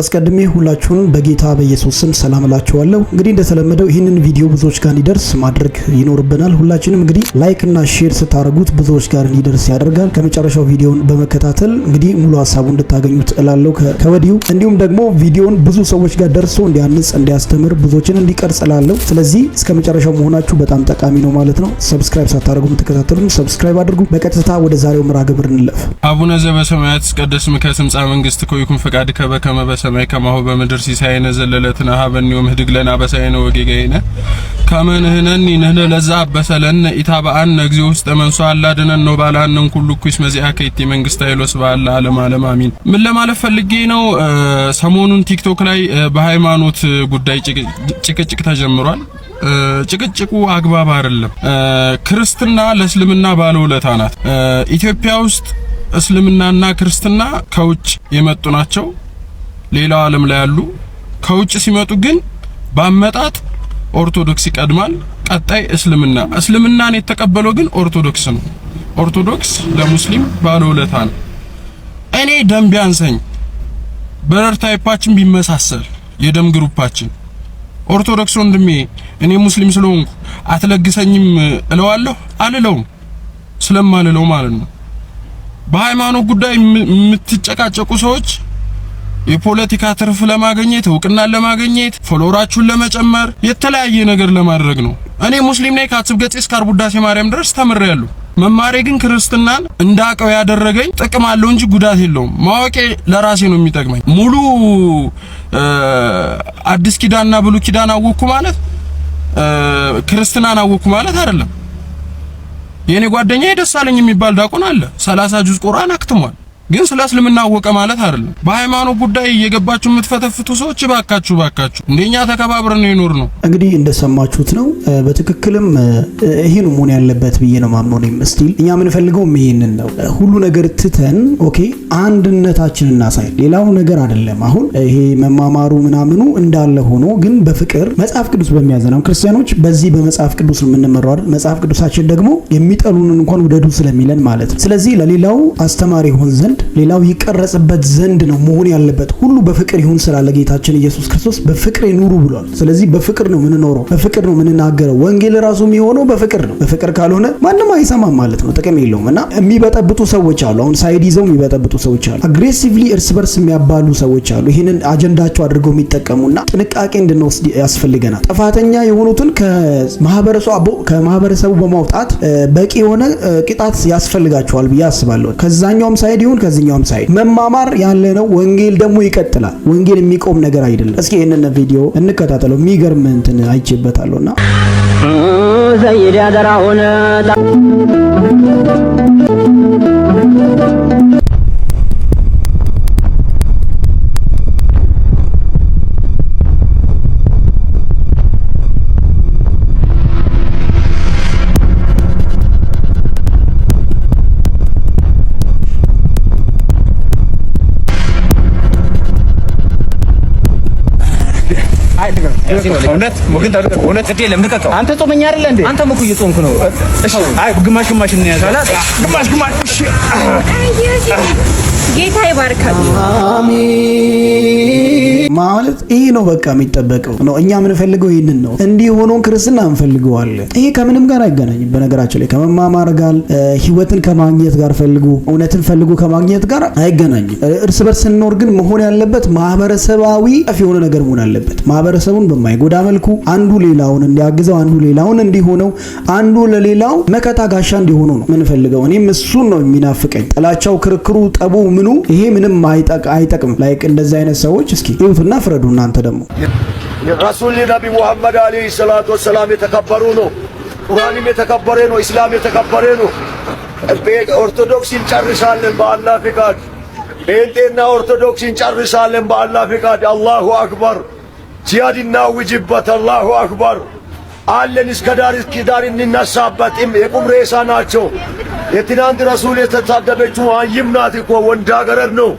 አስቀድሜ ሁላችሁን በጌታ በኢየሱስ ስም ሰላም እላችኋለሁ። እንግዲህ እንደተለመደው ይህንን ቪዲዮ ብዙዎች ጋር እንዲደርስ ማድረግ ይኖርብናል። ሁላችንም እንግዲህ ላይክ እና ሼር ስታደርጉት ብዙዎች ጋር እንዲደርስ ያደርጋል። ከመጨረሻው ቪዲዮን በመከታተል እንግዲህ ሙሉ ሀሳቡ እንድታገኙት እላለሁ ከወዲሁ። እንዲሁም ደግሞ ቪዲዮን ብዙ ሰዎች ጋር ደርሶ እንዲያንጽ፣ እንዲያስተምር፣ ብዙዎችን እንዲቀርጽ እላለሁ። ስለዚህ እስከ መጨረሻው መሆናችሁ በጣም ጠቃሚ ነው ማለት ነው። ሰብስክራይብ ሳታደርጉ የምትከታተሉ ሰብስክራይብ አድርጉ። በቀጥታ ወደ ዛሬው ምራ ግብር እንለፍ። አቡነ ዘበሰማያት ይትቀደስ ስምከ ትምጻእ መንግስትከ ወይኩን ፈቃድከ በሰማይ ከማሁ በምድር ሲሳየነ ዘለለትነ ሀበኒ ወምህድግ ለነ አበሳየነ ወጌጋየነ ከመ ንሕነኒ ንሕነ ለዛ አበሰለነ ኢታብአነ እግዚኦ ውስጥ መንሶ አላድነን ነው ባላን ነን ኩሉ ኩስ መዚያ ከይቲ መንግስት ኃይሎስ በአለ ዓለም ዓለም አሚን። ምን ለማለት ፈልጌ ነው? ሰሞኑን ቲክቶክ ላይ በሃይማኖት ጉዳይ ጭቅጭቅ ተጀምሯል። ጭቅጭቁ አግባብ አይደለም። ክርስትና ለእስልምና ባለውለታ ናት። ኢትዮጵያ ውስጥ እስልምናና ክርስትና ከውጭ የመጡ ናቸው። ሌላው ዓለም ላይ ያሉ ከውጭ ሲመጡ ግን በአመጣጥ ኦርቶዶክስ ይቀድማል። ቀጣይ እስልምና እስልምናን የተቀበለው ግን ኦርቶዶክስ ነው። ኦርቶዶክስ ለሙስሊም ባለውለታ ነው። እኔ ደም ቢያንሰኝ በረር ታይፓችን ቢመሳሰል የደም ግሩፓችን ኦርቶዶክስ ወንድሜ እኔ ሙስሊም ስለሆንኩ አትለግሰኝም እለዋለሁ? አልለውም። ስለማልለው ማለት ነው። በሃይማኖት ጉዳይ የምትጨቃጨቁ ሰዎች የፖለቲካ ትርፍ ለማግኘት፣ እውቅናን ለማግኘት፣ ፎሎራቹን ለመጨመር፣ የተለያየ ነገር ለማድረግ ነው። እኔ ሙስሊም ነኝ። ከአጽብ ገጽ እስከ አርቡ ውዳሴ ማርያም ድረስ ተምሬያለሁ። መማሬ ግን ክርስትናን እንዳቀው ያደረገኝ ጥቅም አለው እንጂ ጉዳት የለውም። ማወቄ ለራሴ ነው የሚጠቅመኝ። ሙሉ አዲስ ኪዳንና ብሉ ኪዳን አወኩ ማለት ክርስትናን አወኩ ማለት አይደለም። የኔ ጓደኛ ደሳለኝ የሚባል ዳቆን አለ። ሰላሳ ጁዝ ቁርአን አክትሟል። ግን ስለ እስልምና አወቀ ማለት አይደለም። በሃይማኖት ጉዳይ እየገባችሁ የምትፈተፍቱ ሰዎች ባካችሁ፣ ባካችሁ እንደኛ ተከባብረን ይኖር ነው። እንግዲህ እንደሰማችሁት ነው። በትክክልም ይሄ ነው መሆን ያለበት ብዬ ነው ማምኖ ነው ስቲል እኛ የምንፈልገውም ይሄንን ነው። ሁሉ ነገር ትተን ኦኬ አንድነታችን እናሳይ። ሌላው ነገር አይደለም። አሁን ይሄ መማማሩ ምናምኑ እንዳለ ሆኖ ግን በፍቅር መጽሐፍ ቅዱስ በሚያዘነው ክርስቲያኖች በዚህ በመጽሐፍ ቅዱስ የምንመራው አይደል? መጽሐፍ ቅዱሳችን ደግሞ የሚጠሉን እንኳን ውደዱ ስለሚለን ማለት ነው። ስለዚህ ለሌላው አስተማሪ ሆን ዘንድ ሌላው ይቀረጽበት ዘንድ ነው መሆን ያለበት። ሁሉ በፍቅር ይሁን ስላለ ጌታችን ኢየሱስ ክርስቶስ በፍቅሬ ኑሩ ብሏል። ስለዚህ በፍቅር ነው የምንኖረው፣ በፍቅር ነው የምንናገረው። ወንጌል ራሱ የሚሆነው በፍቅር ነው። በፍቅር ካልሆነ ማንም አይሰማም ማለት ነው፣ ጥቅም የለውም። እና የሚበጠብጡ ሰዎች አሉ። አሁን ሳይድ ይዘው የሚበጠብጡ ሰዎች አሉ። አግሬሲቭሊ እርስ በርስ የሚያባሉ ሰዎች አሉ። ይህንን አጀንዳቸው አድርገው የሚጠቀሙና ጥንቃቄ እንድንወስድ ያስፈልገናል። ጥፋተኛ የሆኑትን ከማህበረሰቡ በማውጣት በቂ የሆነ ቅጣት ያስፈልጋቸዋል ብዬ አስባለሁ። ከዛኛውም ሳይድ ይሁን ከዚህኛውም ሳይድ መማማር ያለ ነው። ወንጌል ደግሞ ይቀጥላል። ወንጌል የሚቆም ነገር አይደለም። እስኪ ይህንን ቪዲዮ እንከታተለው። የሚገርም እንትን አይቼበታለሁና ዘይድ ያደራ ሆነ አንተ ጾመኛ አይደለ እንዴ? አንተም እኮ እየጾምክ ነው። አይ ግማሽ ግማሽ ጌታ ይባርካል። አሜን። ማለት ይሄ ነው በቃ የሚጠበቀው ነው። እኛ የምንፈልገው ይህንን ነው። እንዲህ ሆኖን ክርስትና እንፈልገዋለን። ይሄ ከምንም ጋር አይገናኝም። በነገራችን ላይ ከመማማር ጋር፣ ህይወትን ከማግኘት ጋር ፈልጉ፣ እውነትን ፈልጉ ከማግኘት ጋር አይገናኝም። እርስ በርስ ስንኖር ግን መሆን ያለበት ማህበረሰባዊ ጠፍ የሆነ ነገር መሆን አለበት። ማህበረሰቡን በማይጎዳ መልኩ አንዱ ሌላውን እንዲያግዘው፣ አንዱ ሌላውን እንዲሆነው፣ አንዱ ለሌላው መከታ ጋሻ እንዲሆኑ ነው የምንፈልገው። እኔም እሱን ነው የሚናፍቀኝ። ጥላቻው፣ ክርክሩ፣ ጠቡ ምኑ ይሄ ምንም አይጠቅም። ላይክ እንደዚህ አይነት ሰዎች እስኪ ያሉትና ፍረዱ። እናንተ ደግሞ ረሱል ነቢ ሙሐመድ አለይሂ ሰላቱ ወሰላም የተከበሩ ነው። ቁርአንም የተከበረ ነው። ኢስላም የተከበረ ነው። ኦርቶዶክስ እንጨርሳለን በአላህ ፍቃድ። ጴንጤና ኦርቶዶክስ እንጨርሳለን በአላህ ፍቃድ። አላሁ አክበር ጂሃድ እናውጅበት። አላሁ አክበር አለን እስከ ዳር እስከ ዳር እንነሳበት። የቁም ሬሳ ናቸው። የትናንት ረሱል የተሳደበችው አይምናት እኮ ወንዳገረድ ነው።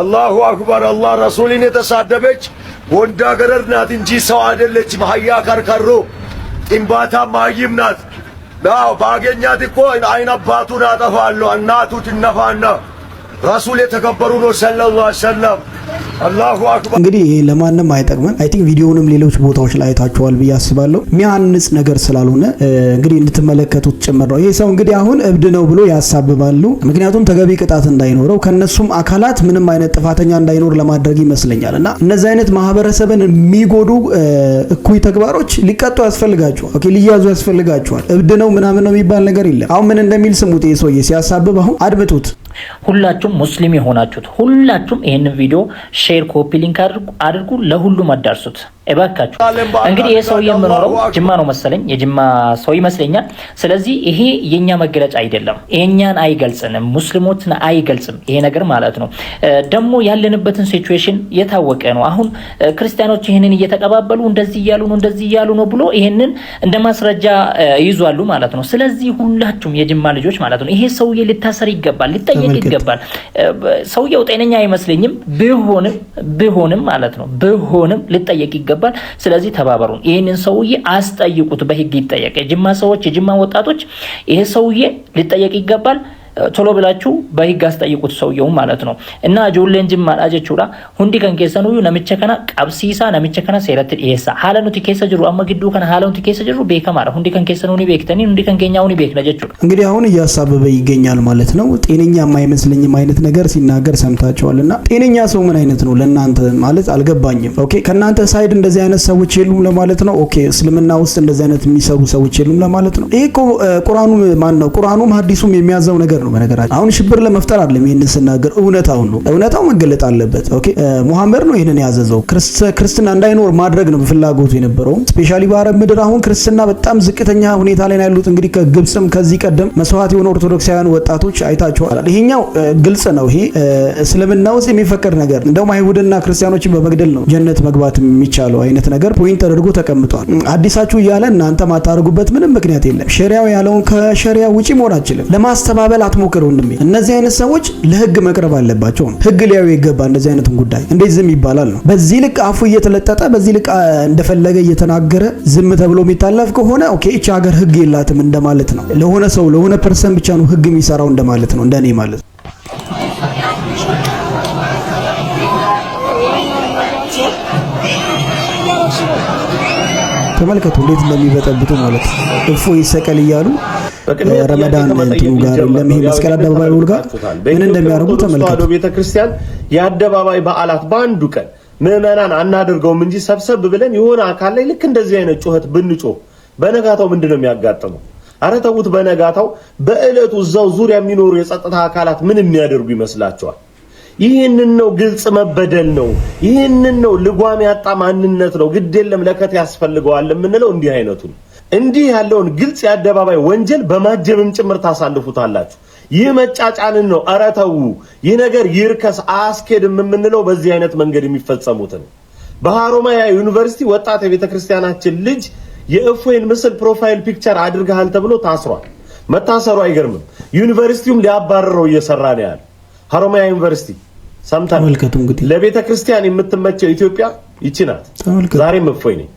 አላሁ አክበር። አላህ ረሱልን የተሳደበች ወንዳ ገረድ ናት እንጂ ሰው አይደለችም። ሀያ ከርከሮ ጥንባታ ማይም ናት። ናው ባገኛት እኮ አይን አባቱን አጠፋለሁ። እናቱ ትነፋና ረሱል የተከበሩ ነው ሰለላሁ ዐለይሂ ወሰለም። አላሁ አክበር። እንግዲህ ለማንም አይጠቅምም። አይ ቲንክ ቪዲዮውንም ሌሎች ቦታዎች ላይ አይታችኋል ብዬ አስባለሁ። የሚያንጽ ነገር ስላልሆነ እንግዲህ እንድትመለከቱት ጭምር ነው። ይህ ሰው እንግዲህ አሁን እብድ ነው ብሎ ያሳብባሉ። ምክንያቱም ተገቢ ቅጣት እንዳይኖረው ከነሱም አካላት ምንም አይነት ጥፋተኛ እንዳይኖር ለማድረግ ይመስለኛል። እና እነዚህ አይነት ማህበረሰብን የሚጎዱ እኩይ ተግባሮች ሊቀጡ ያስፈልጋቸዋል፣ ሊያዙ ያስፈልጋቸዋል። እብድ ነው ምናምን ነው የሚባል ነገር የለም። አሁን ምን እንደሚል ስሙት። ይሄ ሰውዬ ሲያሳብብ አሁን አድምጡት። ሁላችሁም ሙስሊም የሆናችሁት ሁላችሁም ይህንን ቪዲዮ ሼር፣ ኮፒ ሊንክ አድርጉ፣ ለሁሉም አዳርሱት። እባካችሁ እንግዲህ ይሄ ሰው የምኖረው ጅማ ነው መሰለኝ፣ የጅማ ሰው ይመስለኛል። ስለዚህ ይሄ የኛ መገለጫ አይደለም፣ ይሄኛን አይገልጽንም፣ ሙስሊሞችን አይገልጽም ይሄ ነገር ማለት ነው። ደግሞ ያለንበትን ሲቹዌሽን የታወቀ ነው። አሁን ክርስቲያኖች ይህንን እየተቀባበሉ እንደዚህ እያሉ ነው፣ እንደዚህ እያሉ ነው ብሎ ይህንን እንደ ማስረጃ ይዟሉ ማለት ነው። ስለዚህ ሁላችሁም የጅማ ልጆች ማለት ነው ይሄ ሰውዬ ልታሰር ይገባል፣ ሊጠየቅ ይገባል። ሰውየው ጤነኛ አይመስለኝም፣ ብሆንም ብሆንም ማለት ነው ብሆንም ሊጠየቅ ይገባል። ይገባል። ስለዚህ ተባበሩን። ይህንን ሰውዬ አስጠይቁት፣ በህግ ይጠየቅ። የጅማ ሰዎች፣ የጅማ ወጣቶች ይሄ ሰውዬ ሊጠየቅ ይገባል። ቶሎ ብላችሁ በህግ አስጠይቁት ሰውየውም ማለት ነው። እና ጆሌን ጅማ ዳጀቹራ ሁንዲ ከን ኬሰን ሁዩ ነምቸ ከና ቀብሲሳ ነምቸ ከና ሴረት ዲሄሳ ሀለ ኑቲ ኬሰ ጅሩ አመ ግዱ ከና ሀለ ኑቲ ኬሰ ጅሩ ቤከማራ ሁንዲ ከን ኬሰን ሁኒ ቤክተኒ ሁንዲ ከን ኬኛ ሁኒ ቤክነ ጀቹ እንግዲህ አሁን እያሳበበ ይገኛል ማለት ነው። ጤነኛ የማይመስለኝም አይነት ነገር ሲናገር ሰምታችኋል። እና ጤነኛ ሰው ምን አይነት ነው ለእናንተ ማለት አልገባኝም። ኦኬ ከእናንተ ሳይድ እንደዚህ አይነት ሰዎች የሉም ለማለት ነው። ኦኬ እስልምና ውስጥ እንደዚህ አይነት የሚሰሩ ሰዎች የሉም ለማለት ነው። ይሄ ቁርአኑ ማን ነው ቁርአኑም ሀዲሱም የሚያዘው ነገር ነው። በነገራችን አሁን ሽብር ለመፍጠር አይደለም ይህንን ስናገር፣ እውነታውን ነው። እውነታው መገለጥ አለበት። ኦኬ ሙሐመድ ነው ይህንን ያዘዘው። ክርስትና እንዳይኖር ማድረግ ነው ፍላጎቱ የነበረው። ስፔሻሊ በአረብ ምድር አሁን ክርስትና በጣም ዝቅተኛ ሁኔታ ላይ ነው ያሉት። እንግዲህ ከግብፅም ከዚህ ቀደም መስዋዕት የሆኑ ኦርቶዶክሳውያን ወጣቶች አይታችኋል። ይሄኛው ግልጽ ነው። ይሄ እስልምና ውስጥ የሚፈቀድ ነገር እንደውም አይሁድና ክርስቲያኖችን በመግደል ነው ጀነት መግባት የሚቻለው አይነት ነገር ፖይንት ተደርጎ ተቀምጧል። አዲሳችሁ እያለ እናንተ ማታደርጉበት ምንም ምክንያት የለም። ሸሪያው ያለውን ከሸሪያ ውጪ መሆን አችልም ለማስተባበል አትሞክር ወንድሜ። እነዚህ አይነት ሰዎች ለህግ መቅረብ አለባቸው ነው። ህግ ሊያዩ ይገባ። እንደዚህ አይነቱን ጉዳይ እንዴት ዝም ይባላል ነው። በዚህ ልክ አፉ እየተለጠጠ በዚህ ልክ እንደፈለገ እየተናገረ ዝም ተብሎ የሚታለፍ ከሆነ ኦኬ፣ እቺ ሀገር ህግ የላትም እንደማለት ነው። ለሆነ ሰው ለሆነ ፐርሰን ብቻ ነው ህግ የሚሰራው እንደማለት ነው፣ እንደኔ ማለት ነው። ተመልከቱ እንዴት እንደሚበጠብጡ ማለት ነው። እፎ ይሰቀል እያሉ ረመዳን እንትኑ ጋር የለም። መስቀል አደባባይ ውል ጋር ምን እንደሚያደርጉ ተመልከቱ። ቤተክርስቲያን የአደባባይ በዓላት በአንዱ ቀን ምዕመናን አናደርገውም እንጂ ሰብሰብ ብለን የሆነ አካል ላይ ልክ እንደዚህ አይነት ጩኸት ብንጮ በነጋታው ምንድን ነው የሚያጋጥመው? አረ ተውት። በነጋታው በእለቱ እዛው ዙሪያ የሚኖሩ የጸጥታ አካላት ምን የሚያደርጉ ይመስላቸዋል? ይህንን ነው ግልጽ መበደል ነው። ይህንን ነው ልጓም ያጣ ማንነት ነው። ግድ የለም ለከት ያስፈልገዋል የምንለው እንዲህ አይነቱ ነው። እንዲህ ያለውን ግልጽ የአደባባይ ወንጀል በማጀብም ጭምር ታሳልፉታላችሁ። ይህ መጫጫንን ነው። ኧረ ይህ ነገር ይርከስ አያስኬድም የምንለው በዚህ አይነት መንገድ የሚፈጸሙትን በሀሮማያ ዩኒቨርሲቲ ወጣት የቤተ ክርስቲያናችን ልጅ የእፎይን ምስል ፕሮፋይል ፒክቸር አድርገሃል ተብሎ ታስሯል። መታሰሩ አይገርምም። ዩኒቨርሲቲውም ሊያባረረው እየሰራ ነው ያለ ሀሮማያ ዩኒቨርሲቲ ሰምታ። ለቤተ ክርስቲያን የምትመቸው ኢትዮጵያ ይቺ ናት። ዛሬም እፎይ ነኝ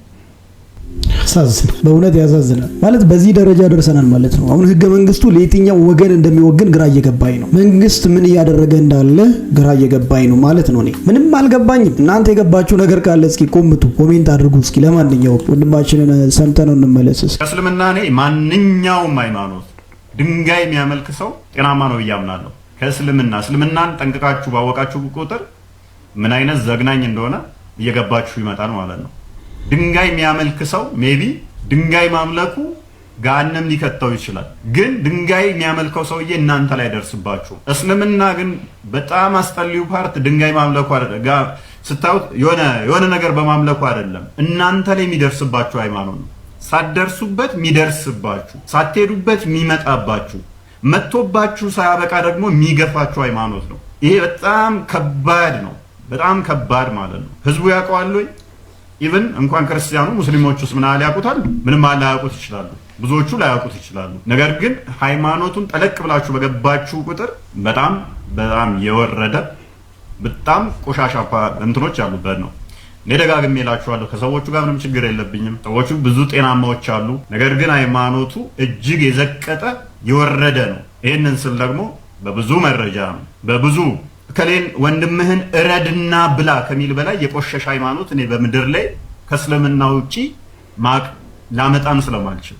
ያሳዝን በእውነት ያሳዝናል። ማለት በዚህ ደረጃ ደርሰናል ማለት ነው። አሁን ህገ መንግስቱ ለየትኛው ወገን እንደሚወግን ግራ እየገባኝ ነው። መንግስት ምን እያደረገ እንዳለ ግራ እየገባኝ ነው ማለት ነው። እኔ ምንም አልገባኝም። እናንተ የገባችሁ ነገር ካለ እስኪ ቆምቱ፣ ኮሜንት አድርጉ። እስኪ ለማንኛውም ወንድማችንን ሰምተነው እንመለስስ። ከእስልምና እኔ ማንኛውም ሃይማኖት ድንጋይ የሚያመልክ ሰው ጤናማ ነው ብዬ አምናለሁ። ከእስልምና እስልምናን ጠንቅቃችሁ ባወቃችሁ ቁጥር ምን አይነት ዘግናኝ እንደሆነ እየገባችሁ ይመጣል ማለት ነው። ድንጋይ የሚያመልክ ሰው ሜቢ ድንጋይ ማምለኩ ጋንም ሊከተው ይችላል። ግን ድንጋይ የሚያመልከው ሰውዬ እናንተ ላይ ደርስባችሁ። እስልምና ግን በጣም አስጠልዩ ፓርት ድንጋይ ማምለኩ ጋር ስታዩት የሆነ ነገር በማምለኩ አይደለም፣ እናንተ ላይ የሚደርስባችሁ ሃይማኖት ነው። ሳትደርሱበት የሚደርስባችሁ፣ ሳትሄዱበት የሚመጣባችሁ፣ መጥቶባችሁ ሳያበቃ ደግሞ የሚገፋችሁ ሃይማኖት ነው። ይሄ በጣም ከባድ ነው። በጣም ከባድ ማለት ነው። ህዝቡ ያውቀዋል ወይ? ኢቨን እንኳን ክርስቲያኑ ሙስሊሞቹስ ምን ያውቁታል? ምንም ላያውቁት ይችላሉ፣ ብዙዎቹ ላያውቁት ይችላሉ። ነገር ግን ሃይማኖቱን ጠለቅ ብላችሁ በገባችሁ ቁጥር በጣም በጣም የወረደ በጣም ቆሻሻ እንትኖች ያሉበት ነው። እኔ ደጋግሜ እላችኋለሁ፣ ከሰዎቹ ጋር ምንም ችግር የለብኝም። ሰዎቹ ብዙ ጤናማዎች አሉ። ነገር ግን ሃይማኖቱ እጅግ የዘቀጠ የወረደ ነው። ይህንን ስል ደግሞ በብዙ መረጃ ነው በብዙ ከሌን ወንድምህን እረድና ብላ ከሚል በላይ የቆሸሽ ሃይማኖት እኔ በምድር ላይ ከእስልምና ውጪ ማቅ ላመጣን ስለማልችል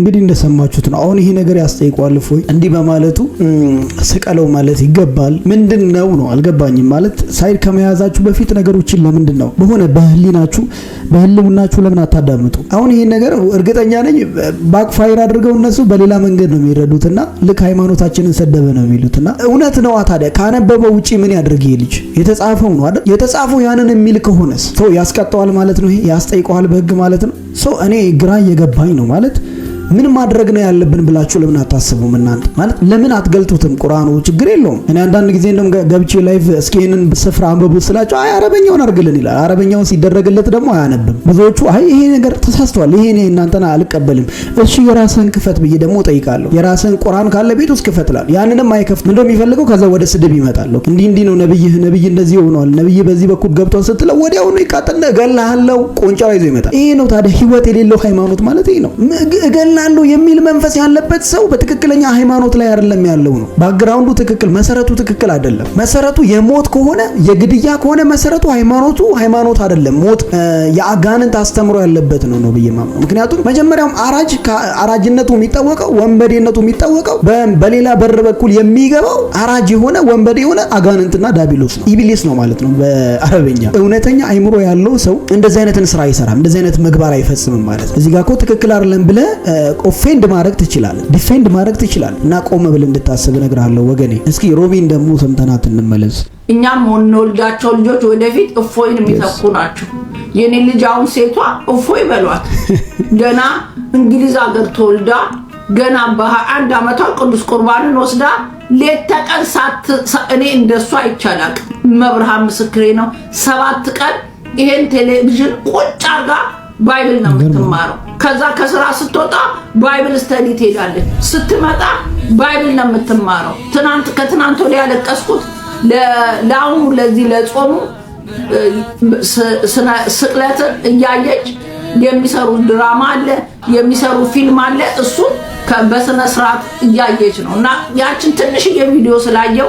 እንግዲህ እንደሰማችሁት ነው። አሁን ይሄ ነገር ያስጠይቋል። እፎይ እንዲህ በማለቱ ስቀለው ማለት ይገባል። ምንድን ነው ነው አልገባኝም። ማለት ሳይድ ከመያዛችሁ በፊት ነገሮችን ለምንድን ነው በሆነ በህሊናችሁ በህልውናችሁ ለምን አታዳምጡ? አሁን ይሄን ነገር እርግጠኛ ነኝ ባክፋይር አድርገው እነሱ በሌላ መንገድ ነው የሚረዱትና ልክ ሃይማኖታችንን ሰደበ ነው የሚሉትና እውነት ነዋ። ታዲያ ካነበበው ውጪ ምን ያድርግ ይሄ ልጅ? የተጻፈው ነው አይደል? የተጻፈው ያንን የሚል ከሆነስ ሰው ያስቀጠዋል ማለት ነው። ይሄ ያስጠይቀዋል በህግ ማለት ነው። ሰው እኔ ግራ እየገባኝ ነው ማለት ምን ማድረግ ነው ያለብን ብላችሁ ለምን አታስቡም? እናንተ ማለት ለምን አትገልጡትም? ቁርአኑ ችግር የለውም። እኔ አንዳንድ ጊዜ እንደውም ገብቼ ላይፍ እስኪ ይህንን ስፍራ አንብቡ ስላቸው አይ አረበኛውን አድርግልን ይላል። አረበኛውን ሲደረግለት ደግሞ አያነብም። ብዙዎቹ አይ ይሄ ነገር ተሳስተዋል፣ ይሄ እኔ እናንተን አልቀበልም። እሺ የራስህን ክፈት ብዬ ደግሞ ጠይቃለሁ። የራስህን ቁርአን ካለ ቤት ውስጥ ክፈትላል። ያንንም አይከፍት እንደው የሚፈልገው ከዛ ወደ ስድብ ይመጣል። እንዲህ እንዲህ ነው ነብይህ፣ ነብይ እንደዚህ ሆኗል፣ ነብይ በዚህ በኩል ገብቷል ስትለው ወዲያውኑ ይቃጠልና እገላሃለው፣ ቆንጨራ ይዞ ይመጣል። ይሄ ነው ታዲያ ህይወት የሌለው ሃይማኖት ማለት ይሄ ነው። አምናለሁ የሚል መንፈስ ያለበት ሰው በትክክለኛ ሃይማኖት ላይ አይደለም ያለው ነው። ባክግራውንዱ ትክክል፣ መሰረቱ ትክክል አይደለም። መሰረቱ የሞት ከሆነ የግድያ ከሆነ መሰረቱ ሃይማኖቱ ሃይማኖት አይደለም። ሞት የአጋንንት አስተምሮ ያለበት ነው ነው ብዬ ማምነው። ምክንያቱም መጀመሪያውም አራጅ አራጅነቱ የሚታወቀው ወንበዴነቱ የሚታወቀው በሌላ በር በኩል የሚገባው አራጅ የሆነ ወንበዴ የሆነ አጋንንትና ዳቢሎስ ነው ኢቢሊስ ነው ማለት ነው በአረበኛ። እውነተኛ አይምሮ ያለው ሰው እንደዚህ አይነትን ስራ አይሰራም፣ እንደዚህ አይነት ምግባር አይፈጽምም ማለት ነው። እዚህ ጋር እኮ ትክክል አይደለም ብለህ ኦፌንድ ማድረግ ትችላል፣ ዲፌንድ ማድረግ ትችላል እና ቆመ ብል እንድታስብ እነግርሃለሁ ወገኔ። እስኪ ሮቢን ደግሞ ሰምተናት እንመለስ። እኛም ወንወልዳቸው ልጆች ወደፊት እፎይን የሚተኩ ናቸው። የኔ ልጅ አሁን ሴቷ እፎይ በሏት። ገና እንግሊዝ ሀገር ተወልዳ ገና በ21 ዓመቷ ቅዱስ ቁርባንን ወስዳ ሌት ተቀን እኔ እንደሷ ይቻላል። መብርሃን ምስክሬ ነው። ሰባት ቀን ይሄን ቴሌቪዥን ቁጭ አርጋ ባይብል ነው የምትማረው። ከዛ ከስራ ስትወጣ ባይብል ስተዲ ትሄዳለች። ስትመጣ ባይብል ነው የምትማረው። ትናንት ከትናንት ወዲያ ያለቀስኩት ለአሁኑ ለዚህ ለጾሙ ስቅለትን እያየች የሚሰሩ ድራማ አለ፣ የሚሰሩ ፊልም አለ። እሱን በስነ ስርዓት እያየች ነው እና ያችን ትንሽዬ ቪዲዮ ስላየው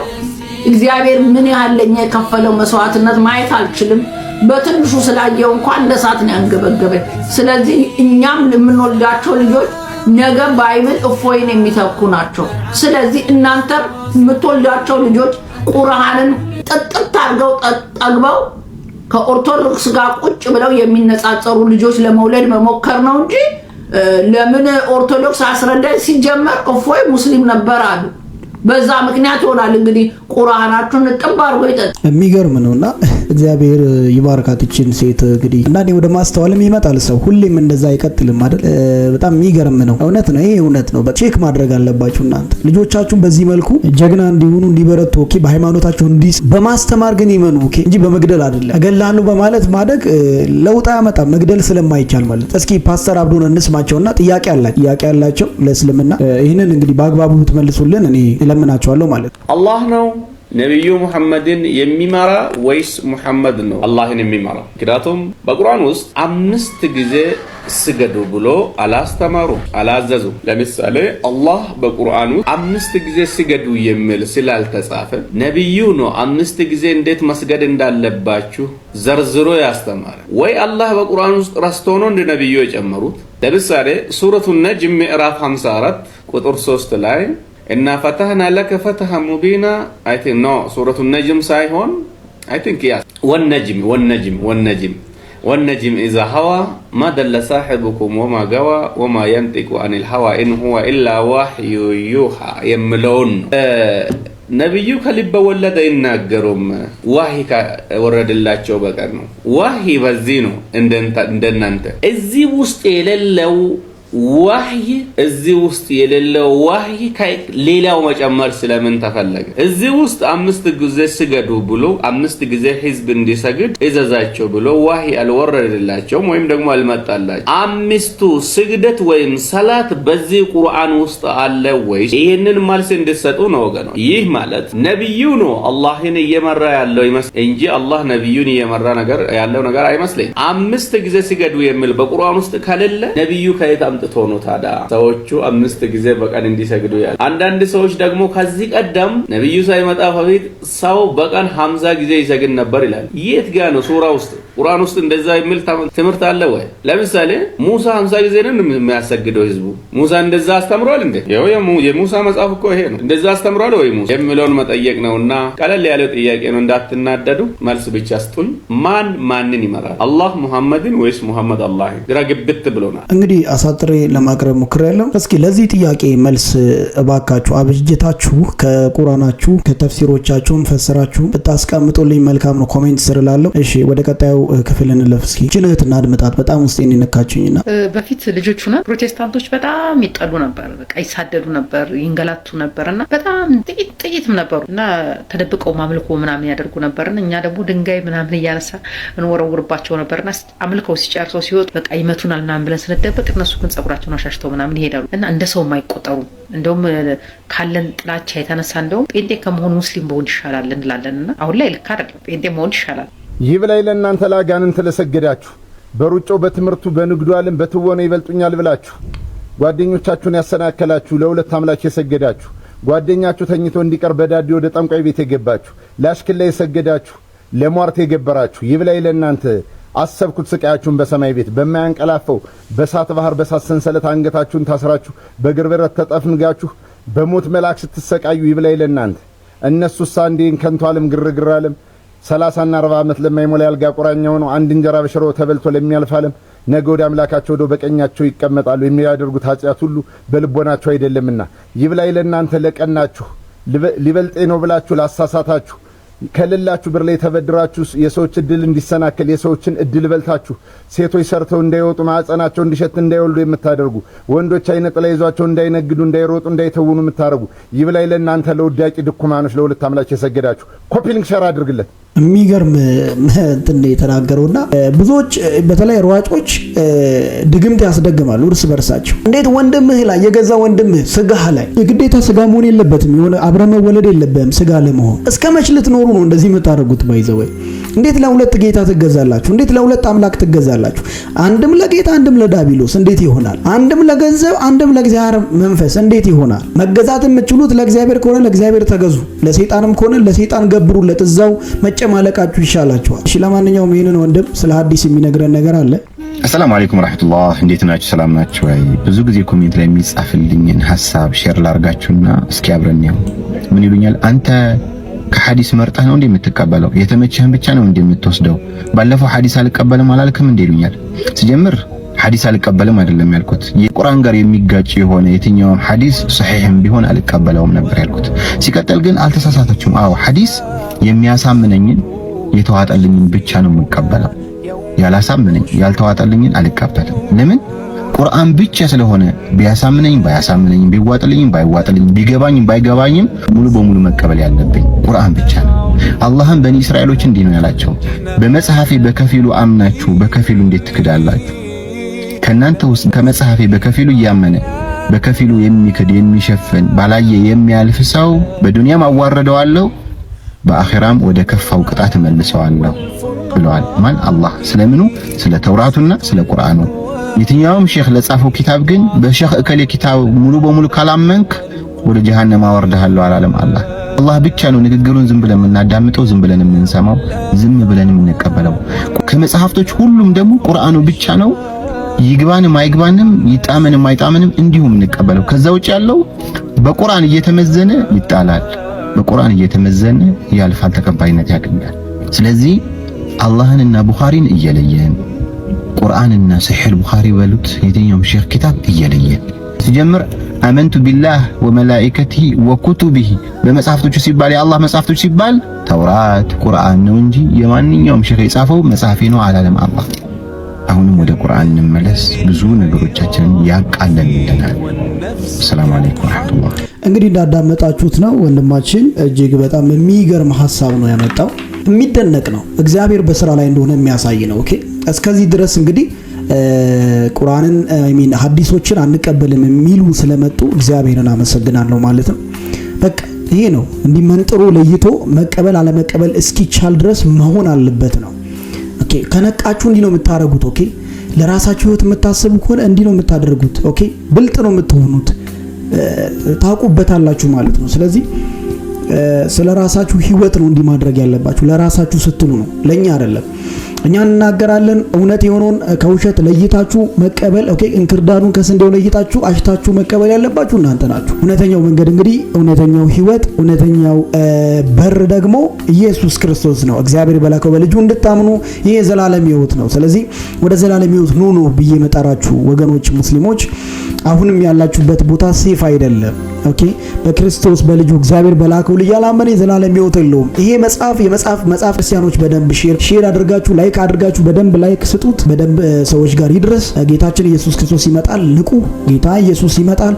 እግዚአብሔር ምን ያህል ለኛ የከፈለው መስዋዕትነት ማየት አልችልም። በትንሹ ስላየው እንኳን እንደ እሳት ነው ያንገበገበኝ። ስለዚህ እኛም የምንወልዳቸው ልጆች ነገ ባይብል እፎይን የሚተኩ ናቸው። ስለዚህ እናንተም የምትወልዳቸው ልጆች ቁርአንን ጥጥት አድርገው ጠግበው ከኦርቶዶክስ ጋር ቁጭ ብለው የሚነጻጸሩ ልጆች ለመውለድ መሞከር ነው እንጂ ለምን ኦርቶዶክስ አስረዳኝ። ሲጀመር እፎይ ሙስሊም ነበር አሉ። በዛ ምክንያት ይሆናል እንግዲህ ቁርአናችሁን ጥብ አድርጎ ይጠጥ የሚገርም ነውና እግዚአብሔር ይባርካት ይችን ሴት እንግዲህ እና እኔ ወደ ማስተዋልም ይመጣል ሰው ሁሌም እንደዛ አይቀጥልም አይደል? በጣም የሚገርም ነው። እውነት ነው፣ ይሄ እውነት ነው። ቼክ ማድረግ አለባችሁ እናንተ ልጆቻችሁን በዚህ መልኩ ጀግና እንዲሆኑ እንዲበረቱ፣ ኦኬ፣ በሃይማኖታቸው እንዲስ በማስተማር ግን ይመኑ፣ ኦኬ፣ እንጂ በመግደል አይደለም። እገላለሁ በማለት ማደግ ለውጥ አያመጣም፣ መግደል ስለማይቻል ማለት። እስኪ ፓስተር አብዱን እንስማቸውና ጥያቄ አላቸው ጥያቄ አላቸው ለእስልምና። ይህንን እንግዲህ በአግባቡ ትመልሱልን እኔ እለምናቸዋለሁ ማለት አላህ ነው ነቢዩ ሙሐመድን የሚመራ ወይስ ሙሐመድ ነው አላህን የሚመራ? ምክንያቱም በቁርአን ውስጥ አምስት ጊዜ ስገዱ ብሎ አላስተማሩም፣ አላዘዙም። ለምሳሌ አላህ በቁርአን ውስጥ አምስት ጊዜ ስገዱ የሚል ስላልተጻፈ ነቢዩ ነው አምስት ጊዜ እንዴት መስገድ እንዳለባችሁ ዘርዝሮ ያስተማረ። ወይ አላህ በቁርአን ውስጥ ረስቶ ነው እንደ ነቢዩ የጨመሩት። ለምሳሌ ሱረቱ ነጅም ምዕራፍ 54 ቁጥር 3 ላይ እና ፈተህና ለከ ፈተሃ ሙቢና ኖ ሱረቱ ነጅም ሳይሆን ወነጅም ወነጅም ወነጅም ወነጅም ኢዛ ሀዋ ማ ደለ ሳሒብኩም ወማ ገዋ ወማ የንጢቁ አኒል ሀዋ ኢን ሁወ ኢላ ዋሕዩ ዩሃ የምለውን ነቢዩ ከልበ ወለደ ይናገሩም ዋሂ ወረድላቸው በቀር ነው። ዋሂ በዚህ ነው እንደናንተ እዚህ ውስጥ የሌለው ዋህይ እዚህ ውስጥ የሌለው ዋህይ ሌላው መጨመር ስለምን ተፈለገ? እዚህ ውስጥ አምስት ጊዜ ስገዱ ብሎ አምስት ጊዜ ህዝብ እንዲሰግድ እዘዛቸው ብሎ ዋህይ አልወረደላቸውም ወይም ደግሞ አልመጣላቸው። አምስቱ ስግደት ወይም ሰላት በዚህ ቁርአን ውስጥ አለ ወይ? ይህንን መልስ እንድሰጡ ነው ወገኖ። ይህ ማለት ነቢዩ ነው አላህን እየመራ ያለው ይመስል እንጂ አላህ ነቢዩን እየመራ ነገር ያለው ነገር አይመስለኝም። አምስት ጊዜ ስገዱ የሚል በቁርአን ውስጥ ከሌለ ነቢዩ ከየት አምጥቶ ነው ታዲያ ሰዎቹ አምስት ጊዜ በቀን እንዲሰግዱ ያለ። አንዳንድ ሰዎች ደግሞ ከዚህ ቀደም ነቢዩ ሳይመጣ በፊት ሰው በቀን ሀምሳ ጊዜ ይሰግድ ነበር ይላል። የት ጋ ነው ሱራ ውስጥ ቁርአን ውስጥ እንደዛ የሚል ትምህርት አለ ወይ? ለምሳሌ ሙሳ ሀምሳ ጊዜ ነው የሚያሰግደው ህዝቡ። ሙሳ እንደዛ አስተምሯል እንዴ? ይኸው የሙሳ መጽሐፍ እኮ ይሄ ነው። እንደዛ አስተምሯል ወይ ሙሳ የሚለውን መጠየቅ ነው። እና ቀለል ያለው ጥያቄ ነው። እንዳትናደዱ፣ መልስ ብቻ ስጡኝ። ማን ማንን ይመራል? አላህ ሙሐመድን ወይስ ሙሐመድ አላህ? ግራ ግብት ብሎናል። እንግዲህ አሳጥሬ ለማቅረብ ያለው እስኪ ለዚህ ጥያቄ መልስ እባካችሁ አብጅታችሁ ከቁርአናችሁ ከተፍሲሮቻችሁ ፈስራችሁ ብታስቀምጡልኝ መልካም ነው። ኮሜንት ስር እሺ ወደ ቀጣዩ ክፍል እንለፍ እስኪ። ችልህት እና በጣም ውስጤን የነካችኝና በፊት ልጆች ሆነ ፕሮቴስታንቶች በጣም ይጠሉ ነበር፣ በቃ ይሳደዱ ነበር፣ ይንገላቱ ነበር እና በጣም ጥቂት ጥቂትም ነበሩ እና ተደብቀው ማምልኮ ምናምን ያደርጉ ነበርና እኛ ደግሞ ድንጋይ ምናምን እያነሳ እንወረውርባቸው ነበርና አምልከው ሲጨርሰው ሲወጡ በቃ ይመቱናል ምናምን ብለን ስንደበቅ እነሱ ግን ጸጉራቸውን አሻሽተው ምናምን ይሄዳሉ እና እንደ ሰው አይቆጠሩም። እንደውም ካለን ጥላቻ የተነሳ እንደውም ጴንጤ ከመሆን ሙስሊም መሆን ይሻላል እንላለን እና አሁን ላይ ልክ አይደለም ጴንጤ መሆን ይሻላል። ይህ ብላይ ለእናንተ ለአጋንንት ለሰገዳችሁ በሩጫው በትምህርቱ በንግዱ ዓለም በትወነ ይበልጡኛል ብላችሁ ጓደኞቻችሁን ያሰናከላችሁ ለሁለት አምላክ የሰገዳችሁ ጓደኛችሁ ተኝቶ እንዲቀር በዳዴ ወደ ጠንቋይ ቤት የገባችሁ ለአሽክላ የሰገዳችሁ ለሟርት የገበራችሁ ይህ ብላይ ለእናንተ አሰብኩት ስቃያችሁን በሰማይ ቤት በማያንቀላፈው በሳት ባህር በሳት ሰንሰለት አንገታችሁን ታስራችሁ በግርብረት ተጠፍንጋችሁ በሞት መልአክ ስትሰቃዩ ይብላይ ለእናንተ እነሱስ አንዴን ከንቱ ዓለም ግርግር ዓለም ሰላሳና አርባ ዓመት ለማይሞላ ያልጋ ቁራኛው ነው። አንድ እንጀራ በሽሮ ተበልቶ ለሚያልፍ ነገ ወደ አምላካቸው ወደ በቀኛቸው ይቀመጣሉ። የሚያደርጉት ኃጢአት ሁሉ በልቦናቸው አይደለምና ይብላኝ ለእናንተ ለቀናችሁ ሊበልጤ ነው ብላችሁ ላሳሳታችሁ ከሌላችሁ ብር ላይ ተበድራችሁ የሰዎች እድል እንዲሰናከል የሰዎችን እድል በልታችሁ ሴቶች ሰርተው እንዳይወጡ ማዕፀናቸው እንዲሸት እንዳይወልዱ የምታደርጉ ወንዶች አይነ ላይ ይዟቸው እንዳይነግዱ እንዳይሮጡ እንዳይተውኑ የምታደርጉ ይብላኝ ለእናንተ ለውዳቂ ድኩማኖች ለሁለት አምላች የሰገዳችሁ ኮፒሊንግ ሸር አድርግለት። የሚገርም እንትን የተናገረውና ብዙዎች በተለይ ሯጮች ድግምት ያስደግማሉ እርስ በርሳቸው። እንዴት ወንድምህ ላይ የገዛ ወንድምህ ስጋህ ላይ የግዴታ ስጋ መሆን የለበትም። የሆነ አብረ መወለድ የለበትም ስጋ ለመሆን። እስከ መች ልትኖሩ ነው እንደዚህ የምታደርጉት? ባይዘወይ እንዴት ለሁለት ጌታ ትገዛላችሁ? እንዴት ለሁለት አምላክ ትገዛላችሁ? አንድም ለጌታ አንድም ለዳቢሎስ እንዴት ይሆናል? አንድም ለገንዘብ አንድም ለእግዚአብሔር መንፈስ እንዴት ይሆናል? መገዛት የምትችሉት ለእግዚአብሔር ከሆነ ለእግዚአብሔር ተገዙ፣ ለሰይጣንም ከሆነ ለሰይጣን ገብሩለት እዛው መጨ ማለቃችሁ ይሻላችኋል። እሺ፣ ለማንኛውም ይህንን ወንድም ስለ ሀዲስ የሚነግረን ነገር አለ። አሰላሙ አለይኩም ረህመቱላህ፣ እንዴት ናችሁ? ሰላም ናችሁ? አይ ብዙ ጊዜ ኮሜንት ላይ የሚጻፍልኝን ሀሳብ ሼር ላርጋችሁና እስኪ አብረን ያው ምን ይሉኛል አንተ ከሐዲስ መርጠህ ነው እንዴ የምትቀበለው? የተመቸህን ብቻ ነው እንዴ የምትወስደው? ባለፈው ሐዲስ አልቀበልም አላልክም እንዴ ይሉኛል። ስጀምር ሐዲስ አልቀበልም አይደለም ያልኩት፣ የቁርአን ጋር የሚጋጭ የሆነ የትኛውም ሐዲስ ሰሂህም ቢሆን አልቀበለውም ነበር ያልኩት። ሲቀጥል ግን አልተሳሳተችም። አዎ ሐዲስ የሚያሳምነኝን የተዋጠልኝን ብቻ ነው የምቀበለው። ያላሳምነኝ ያልተዋጠልኝን አልቀበልም። ለምን? ቁርአን ብቻ ስለሆነ ቢያሳምነኝ ባያሳምነኝም ቢዋጥልኝም ባይዋጥልኝም ቢገባኝም ባይገባኝም ሙሉ በሙሉ መቀበል ያለብኝ ቁርአን ብቻ ነው። አላህም በኒ እስራኤሎች እንዲህ ነው ያላቸው፣ በመጽሐፌ በከፊሉ አምናችሁ በከፊሉ እንዴት ትክዳላችሁ? ከእናንተ ውስጥ ከመጽሐፌ በከፊሉ እያመነ በከፊሉ የሚክድ የሚሸፍን ባላየ የሚያልፍ ሰው በዱንያም አዋረደዋለሁ በአኺራም ወደ ከፋው ቅጣት መልሰዋለሁ ብለዋል። ማን? አላህ። ስለምኑ? ስለ ተውራቱና ስለ ቁርአኑ። የትኛውም ሼክ ለጻፈው ኪታብ ግን በሼክ እከሌ ኪታብ ሙሉ በሙሉ ካላመንክ ወደ ጀሃነም አወርደሃለሁ አላለም አላህ። አላህ ብቻ ነው ንግግሩን ዝም ብለን የምናዳምጠው፣ ዝም ብለን የምንሰማው፣ ዝም ብለን የምንቀበለው። ከመጽሐፍቶች ሁሉም ደግሞ ቁርአኑ ብቻ ነው ይግባንም አይግባንም ይጣመንም አይጣመንም እንዲሁም እንቀበለው። ከዛ ውጭ ያለው በቁርአን እየተመዘነ ይጣላል፣ በቁርአን እየተመዘነ ያልፋል፣ ተቀባይነት ያገኛል። ስለዚህ አላህንና ቡኻሪን እየለየን ቁርአንና ሰሒህ ቡኻሪ በሉት የትኛውም ሼህ ኪታብ እየለየን ሲጀምር አመንቱ ቢላህ ወመላኢከቲሂ ወኩቱቢሂ በመጽሐፍቶቹ ሲባል የአላህ መጽሐፍቶች ሲባል ተውራት ቁርአን ነው እንጂ የማንኛውም ሼህ የጻፈው መጽሐፌ ነው አላለም አላህ። አሁንም ወደ ቁርአን እንመለስ። ብዙ ነገሮቻችንን ያቃለልልናል። ሰላም አለይኩም ረህመቱላህ። እንግዲህ እንዳዳመጣችሁት ነው ወንድማችን እጅግ በጣም የሚገርም ሀሳብ ነው ያመጣው። የሚደነቅ ነው። እግዚአብሔር በስራ ላይ እንደሆነ የሚያሳይ ነው። ኦኬ እስከዚህ ድረስ እንግዲህ ቁርአንን ሚን ሀዲሶችን አንቀበልም የሚሉ ስለመጡ እግዚአብሔርን አመሰግናለሁ ማለት ነው። በቃ ይሄ ነው እንዲህ መንጥሮ ለይቶ መቀበል አለመቀበል እስኪቻል ድረስ መሆን አለበት ነው ከነቃችሁ እንዲህ ነው የምታደርጉት። ኦኬ ለራሳችሁ ህይወት የምታስቡ ከሆነ እንዲህ ነው የምታደርጉት። ኦኬ ብልጥ ነው የምትሆኑት፣ ታውቁበታላችሁ ማለት ነው። ስለዚህ ስለ ራሳችሁ ህይወት ነው እንዲህ ማድረግ ያለባችሁ፣ ለራሳችሁ ስትሉ ነው፣ ለኛ አይደለም። እኛ እንናገራለን። እውነት የሆነውን ከውሸት ለይታችሁ መቀበል ኦኬ። እንክርዳዱን ከስንዴው ለይታችሁ አሽታችሁ መቀበል ያለባችሁ እናንተ ናችሁ። እውነተኛው መንገድ እንግዲህ እውነተኛው ህይወት እውነተኛው በር ደግሞ ኢየሱስ ክርስቶስ ነው። እግዚአብሔር በላከው በልጁ እንድታምኑ ይህ የዘላለም ህይወት ነው። ስለዚህ ወደ ዘላለም ህይወት ኑ ኑ ብዬ መጠራችሁ ወገኖች ሙስሊሞች አሁንም ያላችሁበት ቦታ ሴፍ አይደለም። ኦኬ በክርስቶስ በልጁ እግዚአብሔር በላከው ልጅ ያላመነ የዘላለም ህይወት የለውም። ይሄ መጽሐፍ የመጽሐፍ መጽሐፍ ክርስቲያኖች በደንብ ሼር ሼር አድርጋችሁ ላይ ላይክ አድርጋችሁ በደንብ ላይክ ስጡት። በደንብ ሰዎች ጋር ይድረስ። ጌታችን ኢየሱስ ክርስቶስ ይመጣል። ንቁ! ጌታ ኢየሱስ ይመጣል።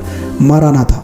ማራናታ